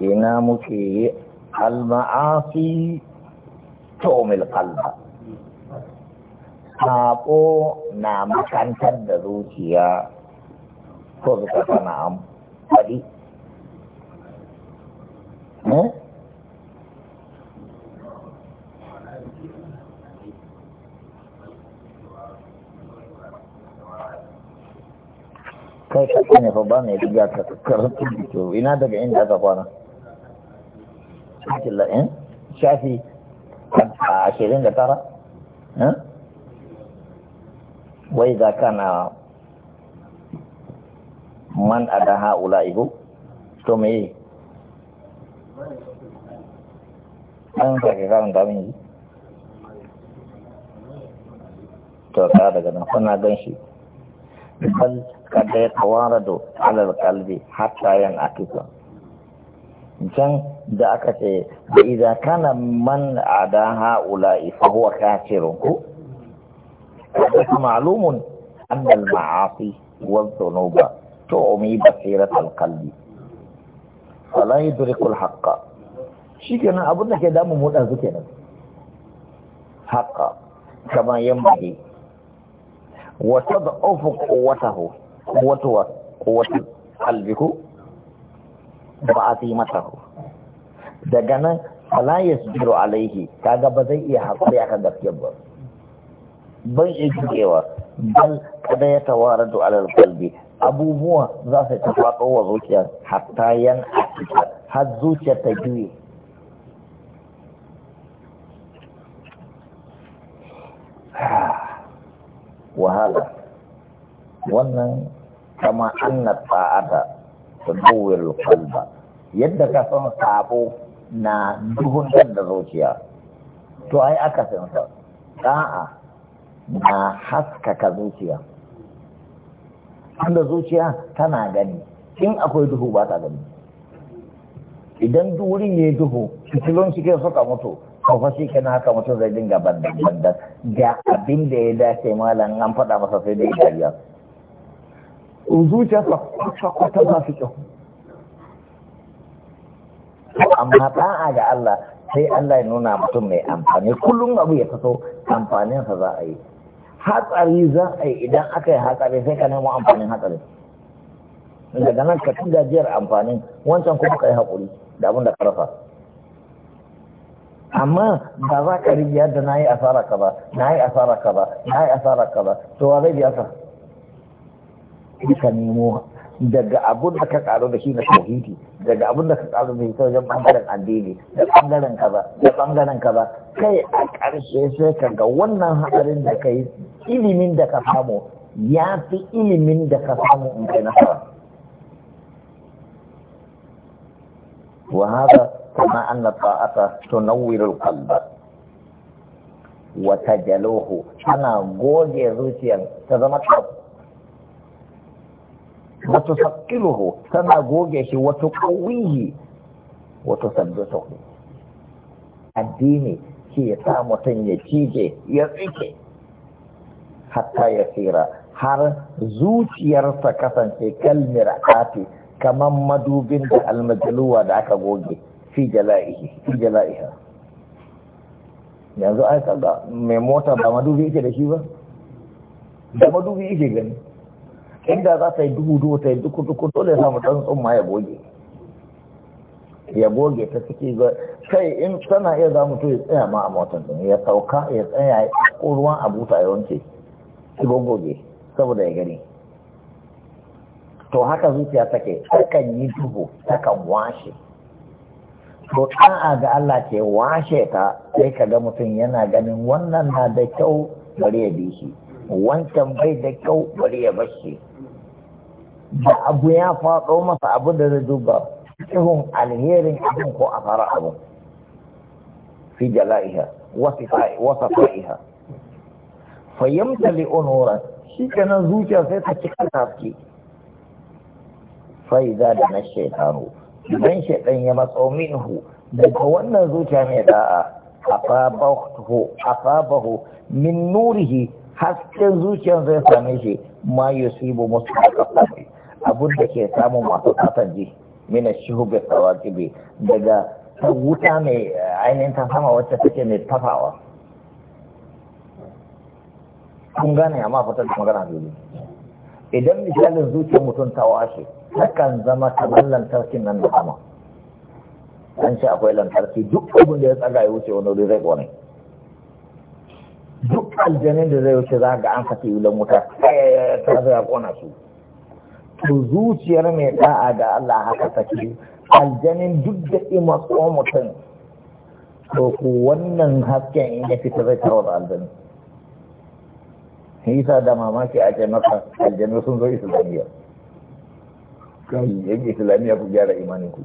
ina muke al-ma'asi tomil kalba sabo na makantar da zuciya ko zuka sana faɗi. Eh? kai ka ne fa ba ya riga ka karatu ina daga inda aka kwana in eh? shafi ashirin da tara eh? wai za na man a da ha'ula ihu to me yi an sake karanta min yi to ka daga nan kuna gan shi bal da ya tawarado alal kalbi hatta yan akisa can da aka ce da idan kana man da haula fa huwa kafirun ku ma'lumun anna al wal wa dhunuba tu'mi basirat al-qalbi fala yudriku al-haqqa shikenan abin da ke damu mu da zuke nan haqqa kama yambahi wa tad'ufu quwwatahu quwwatu a qalbiku wa azimatahu daga nan fala yasbiru alaihi kaga ba zai iya hakuri akan gaskiyar ba ban iya jikewa bal kada ya tawaradu alal qalbi abubuwa za su ta faɗo wa zuciya hatta yan akita har zuciya ta juye wahala wannan kama anna da tudawwir qalba yadda ka san sabo na duhun dan da zuciya to ai aka sa da'a na haskaka zuciya wanda zuciya tana gani in akwai duhu ba ta gani idan duri ne duhu fitilon shi ke suka mutu kafa shi kenan haka mutu zai dinga bandan ga abin da ya dace malam an faɗa masa sai dai dariya zuciya kwata kwata ta su kyau amma da'a ga Allah sai Allah ya nuna mutum mai amfani kullum abu ya taso amfaninsa za a yi hatsari za a yi idan aka yi hatsari sai ka nemo amfanin hatsari daga nan ka tun gajiyar amfanin wancan kuma ka yi haƙuri da abin da ka rasa amma ba za ka rigi yadda na yi asara ka ba na yi asara ka ba na yi asara ka ba to wa zai biya ka ka nemo daga abun da ka karo da shi na tauhidi daga abun da ka karo da shi ta wajen bangaren addini da bangaren kaza da bangaren kaza kai a ƙarshe sai ka ga wannan haɗarin da ka yi ilimin da ka samu ya fi ilimin da ka samu in kai nasara wa hada an na ta'ata tunawwirul qalba wa tajaluhu ana goge zuciyar ta zama tsaf wata sakiluhu tana goge shi wata wato wata sabbata addini ke ya sa mutum ya cije ya tsike hatta ya tsira har zuciyarsa kasance kalmir ati kamar madubin da almajaluwa da aka goge fi jala'iha yanzu ai kaga mai mota ba madubi yake da shi ba da madubi yake gani inda za ta yi duhu duhu ta yi duku duku dole ya samu ɗan tsumma ya goge ya goge ta zai kai in tana iya za mutu ya tsaya ma a motar din ya sauka ya tsaya ko ruwan a buta ya wanke ki goge saboda ya gani to haka zuciya take takan yi duhu takan washe to ɗa'a ga Allah ke washe ta sai ka ga mutum yana ganin wannan na da kyau bari ya bi shi wancan bai da kyau bari ya bar da abu ya faɗo masa abu da zai duba cikin alherin abin ko a fara abu fi jala'iha wasa fa'iha fayyamta leonora shi ka nan zuciya sai ta cika tafki fa'iza da na shekaru, idan shaitan ya matso minhu daga wannan zuciya mai da'a a fabahu min nurihi hasken zuciyar zai same shi ma yusibu musu da kafafi abun da ke samun masu satan ji mina shuhubi tsawakibi daga wuta mai ainihin ta sama wacce take mai tafawa kun gane amma fata da magana dole idan misalin zuciya mutum ta washe takan zama kamar lantarkin nan da sama an ce akwai lantarki duk abin da ya tsaga ya wuce wani wuri zai kone duk aljanin da zai wuce za ga an fata yulan wuta ta zai kona su to zuciyar mai da'a da Allah haka take aljanin duk da ima ko mutum to ku wannan hasken in ya fita zai tarwata aljanin nisa da mamaki a jama'a aljanu sun zo islamiyya kai yan islamiyya ku gyara imanin ku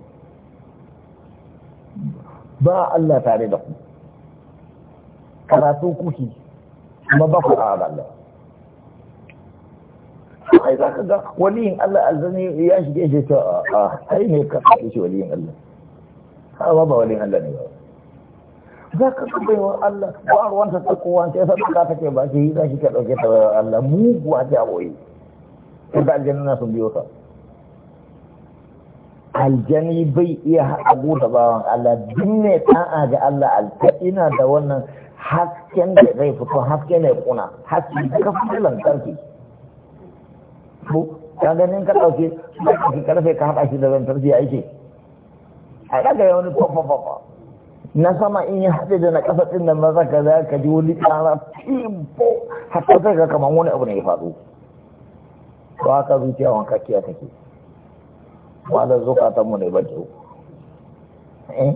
ba Allah tare da ku karatu kuki kuma ba ku a Allah ai za ka ga waliyin Allah aljani ya shige shi ta a ai ne ka kaɗe shi waliyin Allah amma ba waliyin Allah ne ba za ka ga wa Allah ba ruwan ta kowa sai ka take ba shi za shi ka ɗauke ta baiwar Allah muguwa ta boye sai da na sun biyo ta aljani bai iya haɗu da bawan Allah duk ne ta'a ga Allah alkaɗina da wannan hasken da zai fito haske ne kuna haske fi lantarki ko ka ganin ka ɗauke ka karfe ka haɗa shi da lantarki ya aiki a ɗaga ya wani fafa fafa na sama in ya haɗe da na ƙasa ɗin da maza ka za ka ji wani ƙara timbo hatta sai ka kamar wani abu ne ya faru to haka zuciya wanka kiya take wala zukatan mu ne ba ta eh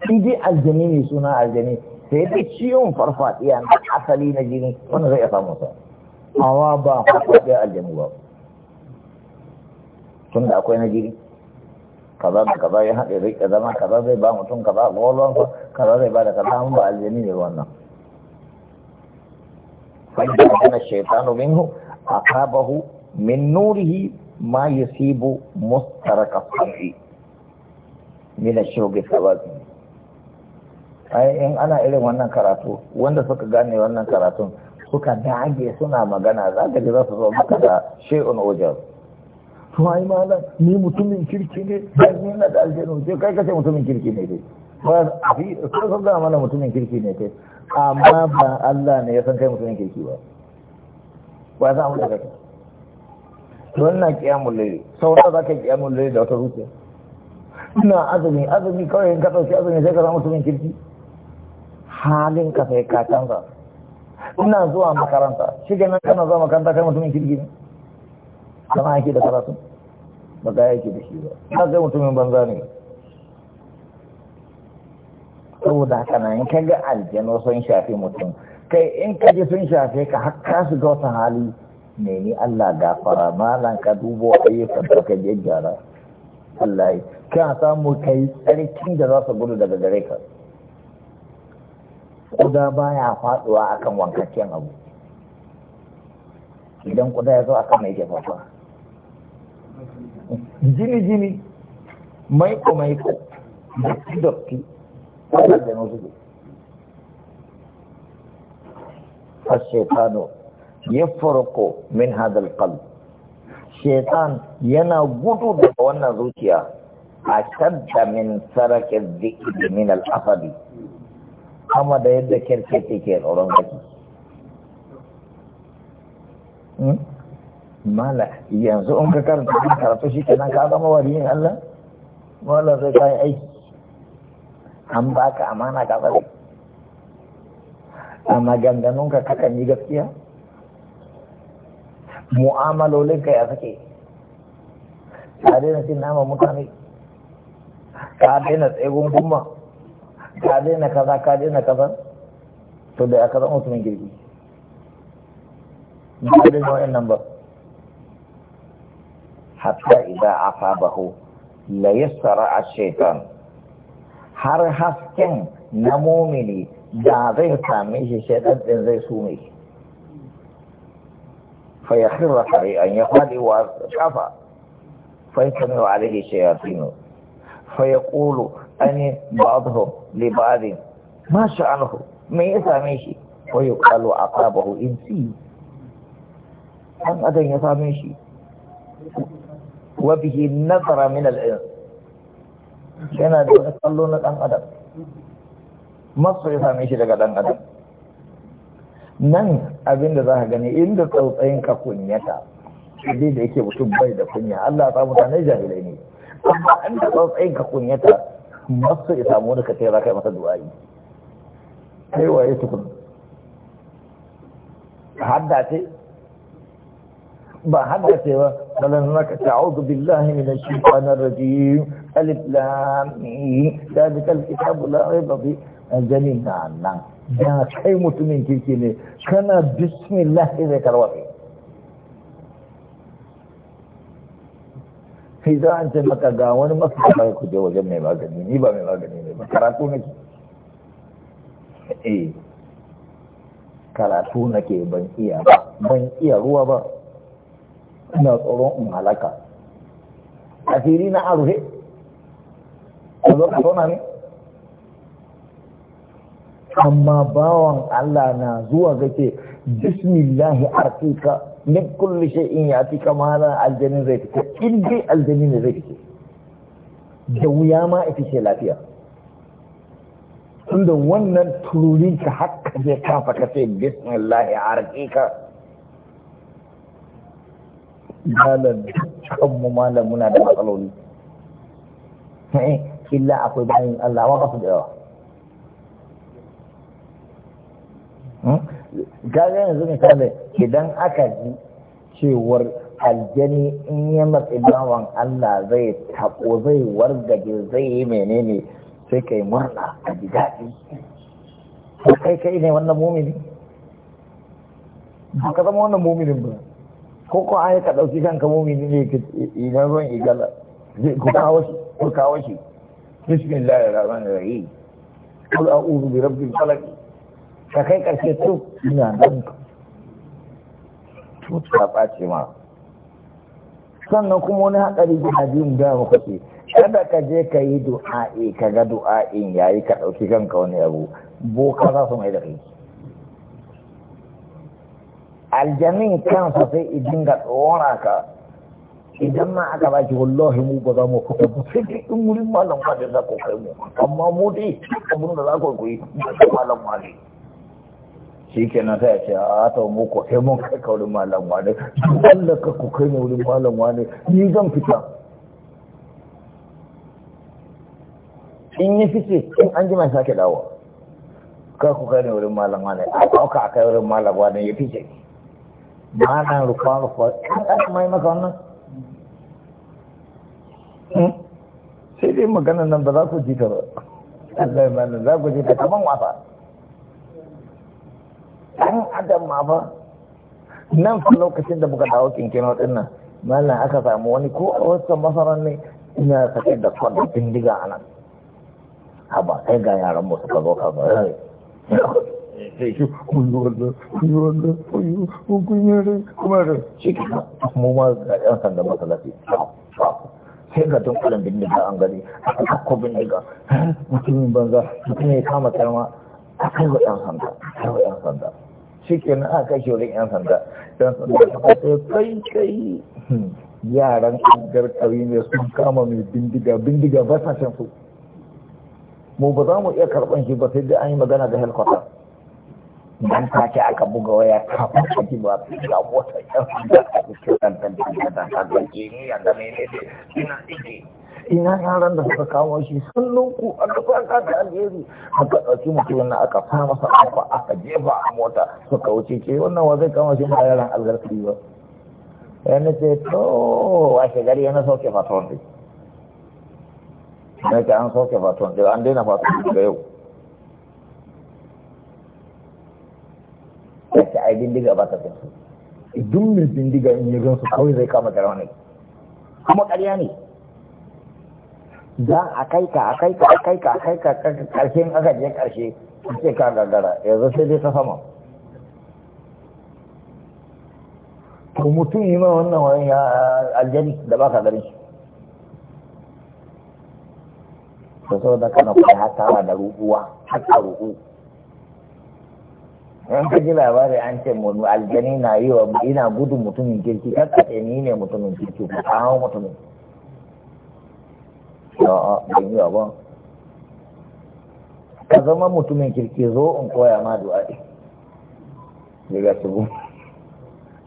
shi aljini aljani ne suna aljani sai dai ciwon farfadiya na asali na jini wanda zai iya samu sa Awa ba faɗaɗe aljanu ba tun da akwai na jiri kaza da kaza ya haɗe zai ka zama kaza zai ba mutum kaza a ƙwaƙwalwansa kaza zai ba da kaza an ba aljani ne wannan fa'ida kana shaitanu a kabahu. min nurihi ma ya yusibu mustaraka Ni min ash-shawqi sawabi ai in ana irin wannan karatu wanda suka gane wannan karatun suka dage suna magana za ka ji za su zo maka da shi'un wajen to ai malam ni mutumin kirki ne dan ni na da aljanu je kai kace mutumin kirki ne dai ba a fi sun ga mana mutumin kirki ne kai amma ba Allah ne ya san kai mutumin kirki ba ba za mu daga don na kiyamul layl sau za ka kiyamul layl da wata zuciya ina azumi azumi kawai in ka dauki azumi sai ka zama mutumin kirki halin ka sai ka canza ina zuwa makaranta shi ganin kana zuwa makaranta kai mutumin kirgin kama yake da karatu ba ga yake da shi ba ina zai mutumin banza ne saboda haka na in kaga ga aljanu sun shafi mutum kai in ka sun shafe ka har ka shiga wata hali nemi Allah gafara malan ka dubo ayyukan da ka gyara Allah ya kana samu kai tsarkin da za su gudu daga gare ka kuda baya faduwa akan wankakken abu idan kuda ya zo akan mai ke fafa jini jini maiko maiko dotti dotti wadda da A fashetano ya farko min hadal qalb shekan yana gudu daga wannan zuciya a shadda min sarakin zikiri min al'afari kama da yadda kirkiti ke tsoron kaki hmm? mala yanzu in ka karanta karatu shi kenan ka zama waliyin Allah mala zai kai aiki an baka amana ka bari a ka kakan yi gaskiya ka ya sake ka daina cin nama mutane ka daina tsegun gumma ka daina kaza ka daina kaza to da aka zama mutumin girbi ba da nau'in nan ba hatta idan asabahu la yassara ash-shaytan har hasken na mumini da zai same shi shaytan din zai sume shi fa yakhirra an ya fadi wa kafa fa yastami'u alayhi shayatin fa yaqulu ainihin ba'adhu li ba'adin ma sha'anhu me ya same shi wa yuqalu aqabahu insi an adan ya same shi wa bihi nazara min al-ins yana da wani kallo na dan adam masu ya same shi daga dan adam nan abinda za ka gani inda tsautsayin ka kunyata dai da yake mutum bai da kunya Allah ya sa mutane jahilai ne amma inda tsautsayin ka kunyata masu ya samu wani ka ce za ka yi masa du'a'i kai waye tukun hadda ce ba hadda ce ba salan maka ta'udu billahi minash shaitanir rajim alif lam mim dalikal kitabu la raiba fi jami'an nan da kai mutumin kirki ne kana bismillah sai karwaye sai za a ce maka ga wani mafi kamar ku je wajen mai magani ni ba mai magani ne ba karatu nake eh karatu nake ban iya ba ban iya ruwa ba ina tsoron in halaka asiri na aruhe a zo ka tona ne amma bawan Allah na zuwa gace bismillahi arqika min kulli shay'in yatika malan aljannin zai fito in dai aljini ne zai fice da wuya ma a fice lafiya tunda wannan tururin ka haka zai kafa ka sai bismillah ya arki ka malam kanmu malam muna da matsaloli eh, illa akwai bayan Allah wa kasu da yawa gaga hmm? yanzu ne idan aka ji cewar aljani in ya matsi bawan Allah zai tako zai wargaje zai yi menene sai kai murna a ji daɗi kai kai ne wannan mumini ba ka zama wannan muminin ba ko ko ai ka ɗauki kanka mumini ne ka ina ruwan igala ku kawo shi ku kawo shi bismillahir rahmanir rahim qul a'udhu bi rabbil falaq ka kai karshe to ina nan to ta ɓace ma sannan kuma wani haɗari guda biyun da muka ce kada ka je ka yi du'a'i ka ga du'a'in yayi ka ɗauki kanka wani abu boka za su mai da kai aljamin kansa sai idin ga tsora ka idan ma aka ba wallahi mu ba za mu fita ba sai dai in wurin malam ma da za ku kai mu amma mu dai abin da za ku koyi malam ma ne shi ke kenan ta ce a ta mu ko kai mun kai kaurin malam wane Allah ka ku kai wurin malam wane ni zan fita in yi fice in an ji mai sake dawo ka ku kai ne wurin malam wane a ɗauka a kai wurin malam wane ya fice ba na rufa rufa ɗan mai maka wannan hmm? sai dai magana nan ba za ku ji ta ba Allah ya mana za ku ji ta kaman wasa ɗan adam ma ba nan fa lokacin da muka dawo kinkino ɗin nan mallan aka samu wani ko a wasu masarar ne ina sake da kwan da bindiga a nan haba sai ga yaran mu suka zo ka zo sai shi kuyi wallo kuyi wallo kuyi kuyi rai kuma rai shi ke mu ma ga yan sanda masalafi sai ga dunkulin bindiga an gari aka kakko bindiga mutumin banza mutumin ya kama karma a kai wa yan sanda a kai wa yan sanda shi ke aka shi wurin yan sanda don sanda ta kai kai hmm. yaran ƙangar ƙari ne sun kama mai bindiga bindiga ba sa shan su mu ba za mu iya karɓar shi ba sai dai an yi magana da helikwata dan ke aka buga waya kafin a ji ba su ga wata yan sanda a cikin ɗan ɗan ɗan ɗan ɗan ɗan ɗan ɗan ɗan ɗan ɗan ɗan ɗan ina yaran da suka kawo shi sun a aka faka da alheri a ɗauki mutumin na aka fara masa afa aka jefa a mota suka wuce ce wannan wa zai kama shi ba yaran algarfi ba yana ce to a gari yana sauke faton dai na ce an sauke faton dai an daina dai daga yau ya ce ai bindiga ba ta fin su mai bindiga in yi gansu kawai zai kama jarawa ne kuma ƙarya ne don a kai ka a kai ka a kai ka a kai ka karshen aka je karshe ce ka gagara yanzu sai dai ta sama to mutum yi ma wannan wani aljani da baka gani to so da kana kwaya hatawa da rubuwa hatta rubu in ka ji labari an ce mu aljani na yi wa ina gudun mutumin kirki kakka ni ne mutumin kirki ko kawo mutumin kirki a'a ban yi ba ka zama mutumin kirki zo in koya ma du'a'i daga tubu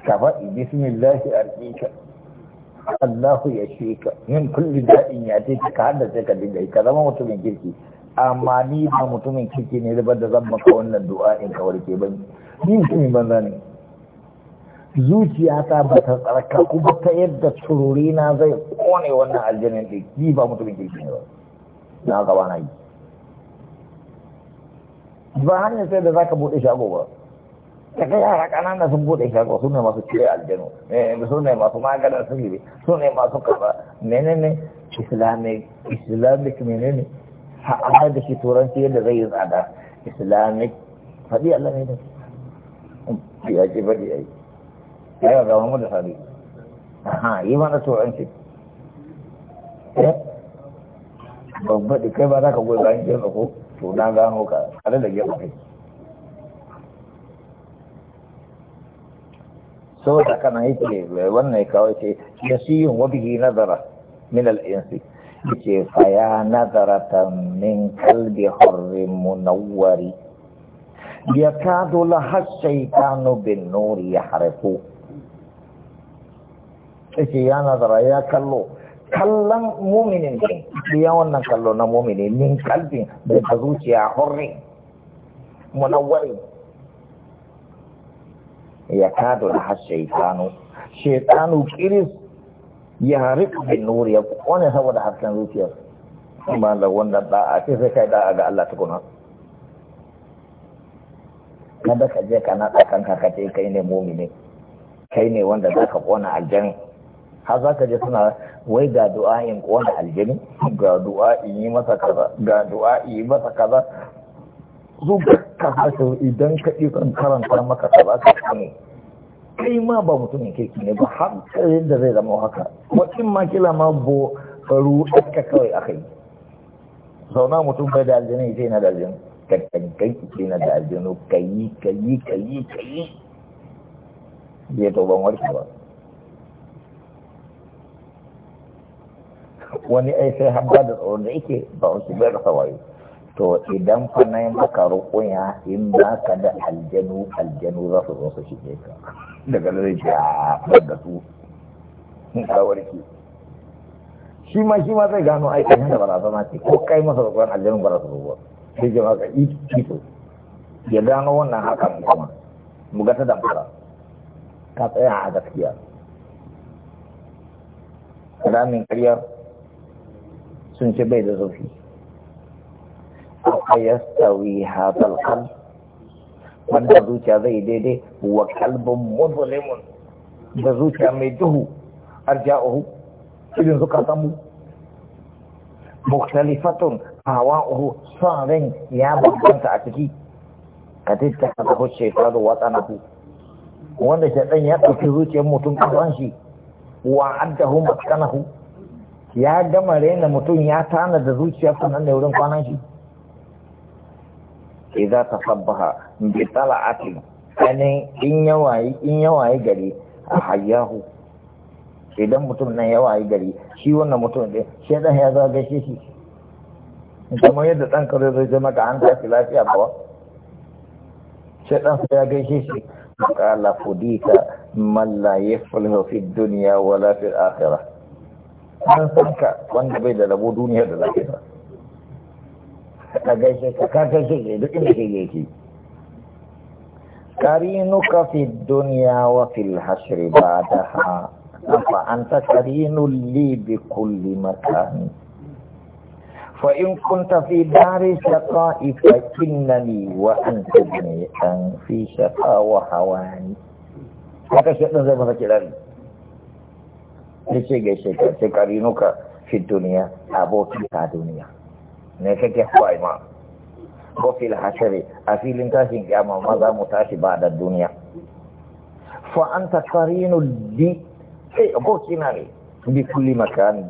ka faɗi bismillahi arzika. Allahu ya ce ka min kulli da'in ya ce ka haddace ka dinga ka zama mutumin kirki amma ni ba mutumin kirki ne da zan maka wannan du'a'in ka warke ba. ni mutumin banza ne zuciyata ba ta tsarka kuma ta yadda tururi na zai kone wannan aljanin da ki ba mutumin kirki ne ba na gaba na yi ba hanyar sai da zaka bude shago ba ta kai yara kanana sun bude shago su ne masu cire aljanu su ne masu maganin yi su ne masu kaba menene islamic islamic menene ha'a da shi turanci yadda zai yi tsada islamic faɗi Allah ne da ya ce faɗi yi ya ga mu da sabi aha yi mana turanci eh? babba da kai ba za ka goyi bayan gefe ko to na gano ka tare da gefe kai so da kana yake wannan kawai ce nasiyun wa bihi nazara min al-insi yace fa ya nazaratan min qalbi hurrin munawwari yakadu la hasyaytanu bin nuri yahrifu take ya nazara ya kallo kallon muminin ne biya wannan kallo na mumini min kalbin da ta zuciya hurri munawwari ya kado da har shaitanu shaitanu kiris ya rika bin nuri ya kone saboda hasken zuciyar ba da wannan da'a ce sai kai da'a ga Allah tukuna kada ka je ka naɗa kanka ka ce kai ne mumini kai ne wanda za ka kona aljan har za ka je suna wai ga du'a'in kona aljini ga du'a'in yi masa kaza ga du'a'in yi masa kaza su ka hasu idan ka ikon karanta maka kaza ka kame kai ma ba mutumin kirki ne ba har tsayin da zai zama haka wakil ma kila ma bo faru aka kawai aka yi zauna mutum bai da aljini ce na da aljini kankan ki na da aljini kayi kayi kayi kayi zai to ban warke ba wani ai sai habba da tsoron da yake ba wasu bai rasa wayo to idan fa na yi maka rukunya in ba ka da aljanu aljanu za su zo su shige ka daga zai ce a ah, da su kawar warke shi ma shi ma zai gano aikin yadda barazana ce ko kai masa rukunan aljanu ba za su zo Sai sai ka maka ito ya gano wannan hakan kuma mu ga ta damfara ka tsaya a gaskiya ramin ƙaryar sun ce bai da zurfi a yastawi hadal kan. wanda zuciya zai daidai wa kalbin muzulimun da zuciya mai duhu uhu. irin suka samu mukhtalifatun hawa'uhu son ran ya bambanta a ciki ka titta ka tafi shekaru watsanahu wanda shaɗan ya ɗauki zuciyar mutum kasan shi wa masu kanahu. ya gama raina mutum ya tana da zuciya sannan da wurin kwanan shi idza tasabbaha bi tsala anin in yawayi in yawayi gari a hayyahu idan mutum nan yawayi gari shi wannan mutum din shi ɗan ya zo gaishe shi kamar yadda ɗan kare zai zama maka an tafi lafiya ba shi dan ya gaishe shi qala fudika man la yaflahu fi dunya wala akhirah an san ka wanda bai da rabo duniya da lafiya ka ka ka duk inda كرينك في الدنيا وفي الحشر بعدها فأنت كرين لي بكل مكان فإن كنت في دار شقاء فإنني وأنت جميعا في شقاء وهواني هذا شيء نزل من sai ce gaishe ka ce karinuka fi duniya abokin ka duniya ne kake kawai ma ko fil hashari a filin tashin kiyama ma za mu tashi ba da duniya fa an ta karinu di sai eh, abokina ne bi kulli makani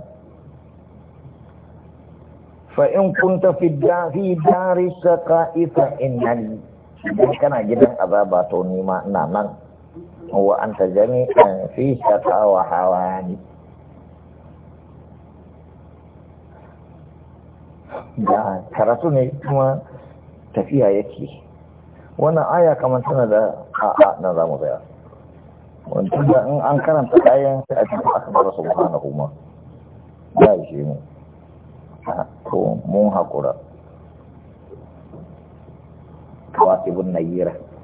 fa in kunta fi dari dari saka'i fa innani idan kana gidan azaba to nima na nan wa anta jami'an fi shata wa hawani da karatu ne kuma tafiya yake wannan aya kamar tana da a'a na zamu tsaya wanda da in an karanta kayan sai a cikin akbar subhanahu ma ya ishe mu to mun hakura kawatibun nayira